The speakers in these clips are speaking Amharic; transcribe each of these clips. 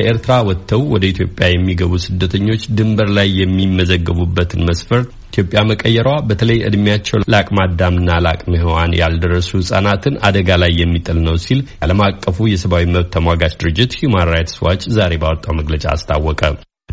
ከኤርትራ ወጥተው ወደ ኢትዮጵያ የሚገቡ ስደተኞች ድንበር ላይ የሚመዘገቡበትን መስፈርት ኢትዮጵያ መቀየሯ በተለይ እድሜያቸው ለአቅመ አዳምና ለአቅመ ሔዋን ያልደረሱ ህጻናትን አደጋ ላይ የሚጥል ነው ሲል ዓለም አቀፉ የሰብአዊ መብት ተሟጋች ድርጅት ሂዩማን ራይትስ ዋች ዛሬ ባወጣው መግለጫ አስታወቀ።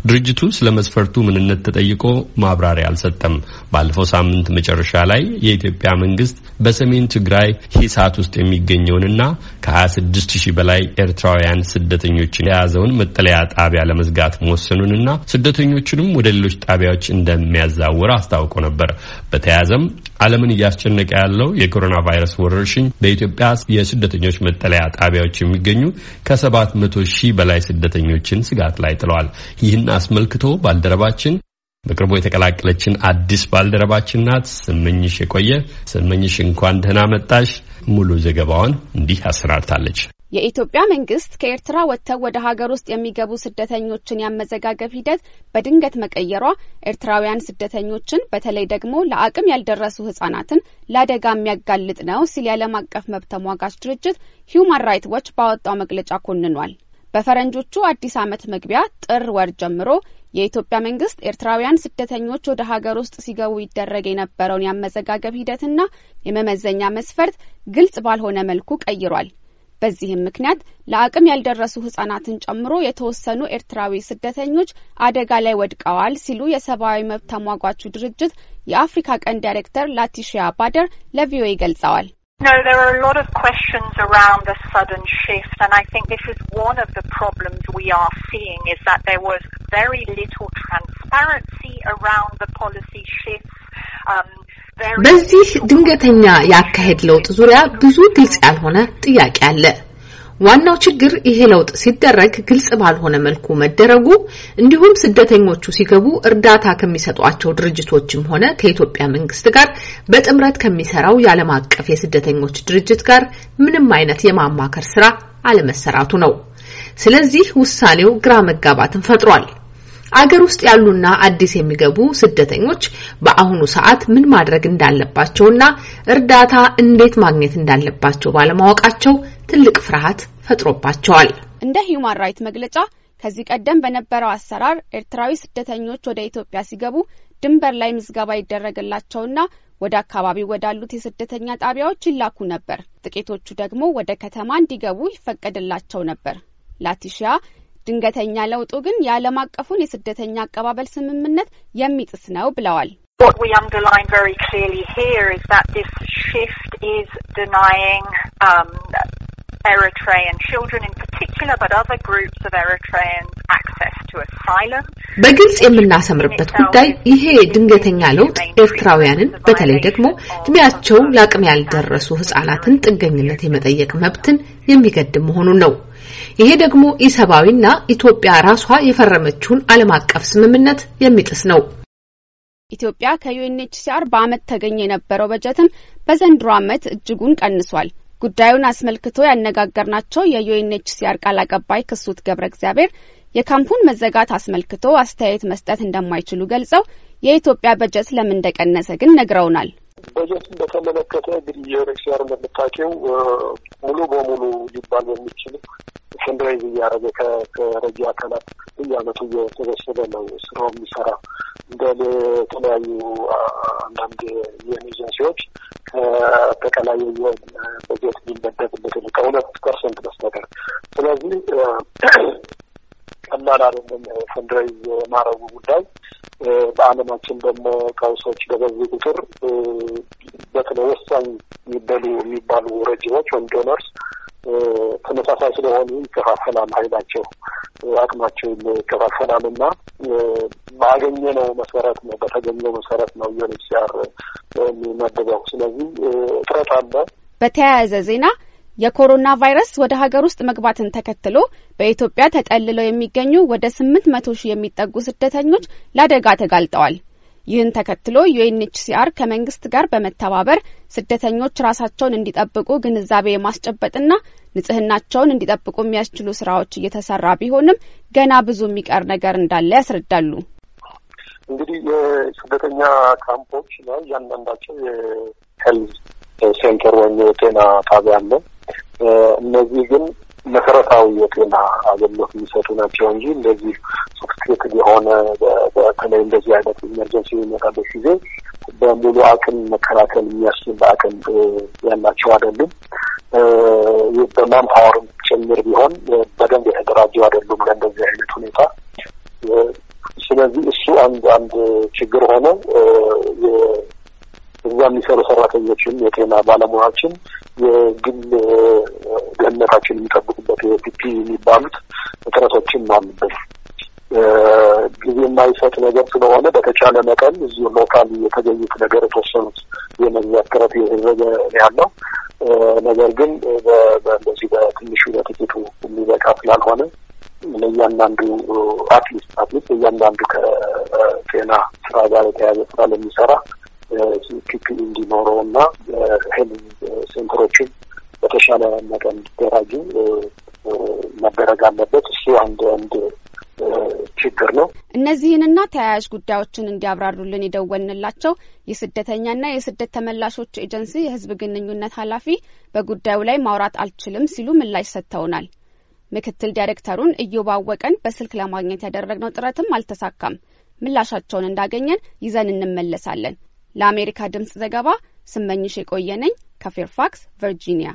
ድርጅቱ ስለ መስፈርቱ ምንነት ተጠይቆ ማብራሪያ አልሰጠም። ባለፈው ሳምንት መጨረሻ ላይ የኢትዮጵያ መንግስት በሰሜን ትግራይ ሂሳት ውስጥ የሚገኘውንና ከ26 ሺህ በላይ ኤርትራውያን ስደተኞችን የያዘውን መጠለያ ጣቢያ ለመዝጋት መወሰኑንና ስደተኞቹንም ወደ ሌሎች ጣቢያዎች እንደሚያዛውር አስታውቆ ነበር። በተያያዘም ዓለምን እያስጨነቀ ያለው የኮሮና ቫይረስ ወረርሽኝ በኢትዮጵያ የስደተኞች መጠለያ ጣቢያዎች የሚገኙ ከሰባት መቶ ሺህ በላይ ስደተኞችን ስጋት ላይ ጥለዋል። ይህን አስመልክቶ ባልደረባችን በቅርቡ የተቀላቀለችን አዲስ ባልደረባችን ናት ስመኝሽ የቆየ። ስመኝሽ እንኳን ደህና መጣሽ። ሙሉ ዘገባዋን እንዲህ አሰናድታለች። የኢትዮጵያ መንግስት ከኤርትራ ወጥተው ወደ ሀገር ውስጥ የሚገቡ ስደተኞችን ያመዘጋገብ ሂደት በድንገት መቀየሯ ኤርትራውያን ስደተኞችን በተለይ ደግሞ ለአቅም ያልደረሱ ህጻናትን ለአደጋ የሚያጋልጥ ነው ሲል የዓለም አቀፍ መብት ተሟጋች ድርጅት ሂዩማን ራይት ዎች ባወጣው መግለጫ ኮንኗል። በፈረንጆቹ አዲስ ዓመት መግቢያ ጥር ወር ጀምሮ የኢትዮጵያ መንግስት ኤርትራውያን ስደተኞች ወደ ሀገር ውስጥ ሲገቡ ይደረግ የነበረውን ያመዘጋገብ ሂደትና የመመዘኛ መስፈርት ግልጽ ባልሆነ መልኩ ቀይሯል። በዚህም ምክንያት ለአቅም ያልደረሱ ህጻናትን ጨምሮ የተወሰኑ ኤርትራዊ ስደተኞች አደጋ ላይ ወድቀዋል ሲሉ የሰብአዊ መብት ተሟጓቹ ድርጅት የአፍሪካ ቀንድ ዳይሬክተር ላቲሺያ ባደር ለቪኦኤ ገልጸዋል። No, there are a lot of questions around the sudden shift, and I think this is one of the problems we are seeing is that there was very little transparency around the policy shifts. Um, በዚህ ድንገተኛ የአካሄድ ለውጥ ዙሪያ ብዙ ግልጽ ያልሆነ ጥያቄ አለ። ዋናው ችግር ይሄ ለውጥ ሲደረግ ግልጽ ባልሆነ መልኩ መደረጉ እንዲሁም ስደተኞቹ ሲገቡ እርዳታ ከሚሰጧቸው ድርጅቶችም ሆነ ከኢትዮጵያ መንግስት ጋር በጥምረት ከሚሰራው የዓለም አቀፍ የስደተኞች ድርጅት ጋር ምንም አይነት የማማከር ስራ አለመሰራቱ ነው። ስለዚህ ውሳኔው ግራ መጋባትን ፈጥሯል። አገር ውስጥ ያሉና አዲስ የሚገቡ ስደተኞች በአሁኑ ሰዓት ምን ማድረግ እንዳለባቸውና እርዳታ እንዴት ማግኘት እንዳለባቸው ባለማወቃቸው ትልቅ ፍርሃት ፈጥሮባቸዋል። እንደ ሂዩማን ራይት መግለጫ ከዚህ ቀደም በነበረው አሰራር ኤርትራዊ ስደተኞች ወደ ኢትዮጵያ ሲገቡ ድንበር ላይ ምዝገባ ይደረግላቸውና ወደ አካባቢው ወዳሉት የስደተኛ ጣቢያዎች ይላኩ ነበር። ጥቂቶቹ ደግሞ ወደ ከተማ እንዲገቡ ይፈቀድላቸው ነበር። ላቲሺያ ድንገተኛ ለውጡ ግን የዓለም አቀፉን የስደተኛ አቀባበል ስምምነት የሚጥስ ነው ብለዋል። Eritrean children in በግልጽ የምናሰምርበት ጉዳይ ይሄ ድንገተኛ ለውጥ ኤርትራውያንን በተለይ ደግሞ እድሜያቸው ለአቅም ያልደረሱ ህጻናትን ጥገኝነት የመጠየቅ መብትን የሚገድብ መሆኑን ነው። ይሄ ደግሞ ኢሰብአዊና ኢትዮጵያ ራሷ የፈረመችውን ዓለም አቀፍ ስምምነት የሚጥስ ነው። ኢትዮጵያ ከዩኤንኤችሲአር በአመት ተገኘ የነበረው በጀትም በዘንድሮ አመት እጅጉን ቀንሷል። ጉዳዩን አስመልክቶ ያነጋገርናቸው የዩኤንኤችሲአር ቃል አቀባይ ክሱት ገብረ እግዚአብሔር የካምፑን መዘጋት አስመልክቶ አስተያየት መስጠት እንደማይችሉ ገልጸው የኢትዮጵያ በጀት ለምን እንደቀነሰ ግን ነግረውናል። በጀት እንደተመለከተ እንግዲህ የዩኤንኤችሲአር እንደምታውቂው ሙሉ በሙሉ ሊባል በሚችል ፈንድራይዝ እያደረገ ከረጂ አካላት እያመቱ እየተበሰበ ነው ስራው የሚሰራ እንደ የተለያዩ አንዳንድ የኤጀንሲዎች ከጠቀላይ ወይም ደግሞ ፈንድራይዝ የማረጉ ጉዳይ በዓለማችን ደግሞ ቀውሶች በበዙ ቁጥር በተለይ ወሳኝ የሚበሉ የሚባሉ ረጂዎች ወይም ዶነርስ ተመሳሳይ ስለሆኑ ይከፋፈላል። ኃይላቸው አቅማቸው ይከፋፈላል እና ነው መሰረት ነው በተገኘው መሰረት ነው ዩኤንኤችሲአር የሚመደበው። ስለዚህ እጥረት አለ። በተያያዘ ዜና የኮሮና ቫይረስ ወደ ሀገር ውስጥ መግባትን ተከትሎ በኢትዮጵያ ተጠልለው የሚገኙ ወደ ስምንት መቶ ሺህ የሚጠጉ ስደተኞች ለአደጋ ተጋልጠዋል። ይህን ተከትሎ ዩኤንኤችሲአር ከመንግስት ጋር በመተባበር ስደተኞች ራሳቸውን እንዲጠብቁ ግንዛቤ የማስጨበጥና ንጽህናቸውን እንዲጠብቁ የሚያስችሉ ስራዎች እየተሰራ ቢሆንም ገና ብዙ የሚቀር ነገር እንዳለ ያስረዳሉ። እንግዲህ የስደተኛ ካምፖች ላይ እያንዳንዳቸው የሄልዝ ሴንተር ወይም የጤና ጣቢያ አለ። እነዚህ ግን መሰረታዊ የጤና አገልግሎት የሚሰጡ ናቸው እንጂ እንደዚህ ሶፍስቲኬትድ የሆነ በተለይ እንደዚህ አይነት ኢመርጀንሲ የሚመጣበት ጊዜ በሙሉ አቅም መከላከል የሚያስችል በአቅም ያላቸው አይደሉም። በማንፓወርም ጭምር ቢሆን በደንብ የተደራጀው አይደሉም ለእንደዚህ አይነት ሁኔታ። ስለዚህ እሱ አንድ አንድ ችግር ሆነው እዛ የሚሰሩ ሰራተኞችም የጤና ባለሙያዎችን የግል ደህንነታችን የሚጠብቁበት የፒፒ የሚባሉት እጥረቶችን አሉበት። ጊዜ የማይሰጥ ነገር ስለሆነ በተቻለ መጠን እዚህ ሎካል የተገኙት ነገር የተወሰኑት የመግዛት ጥረት እየተደረገ ያለው ነገር ግን በእንደዚህ በትንሹ በጥቂቱ የሚበቃ ስላልሆነ ለእያንዳንዱ አትሊስት አትሊስት ለእያንዳንዱ ከጤና ስራ ጋር የተያዘ ስራ ለሚሰራ ትክክል እንዲኖረው እና ሄልዝ ሴንተሮችን በተሻለ መጠን እንዲደራጁ መደረግ አለበት። እሱ አንድ አንድ ችግር ነው። እነዚህንና ተያያዥ ጉዳዮችን እንዲያብራሩልን የደወልንላቸው የስደተኛና የስደት ተመላሾች ኤጀንሲ የህዝብ ግንኙነት ኃላፊ በጉዳዩ ላይ ማውራት አልችልም ሲሉ ምላሽ ሰጥተውናል። ምክትል ዳይሬክተሩን እየባወቀን በስልክ ለማግኘት ያደረግነው ጥረትም አልተሳካም። ምላሻቸውን እንዳገኘን ይዘን እንመለሳለን። ለአሜሪካ ድምፅ ዘገባ ስመኝሽ የቆየነኝ ከፌርፋክስ ቨርጂኒያ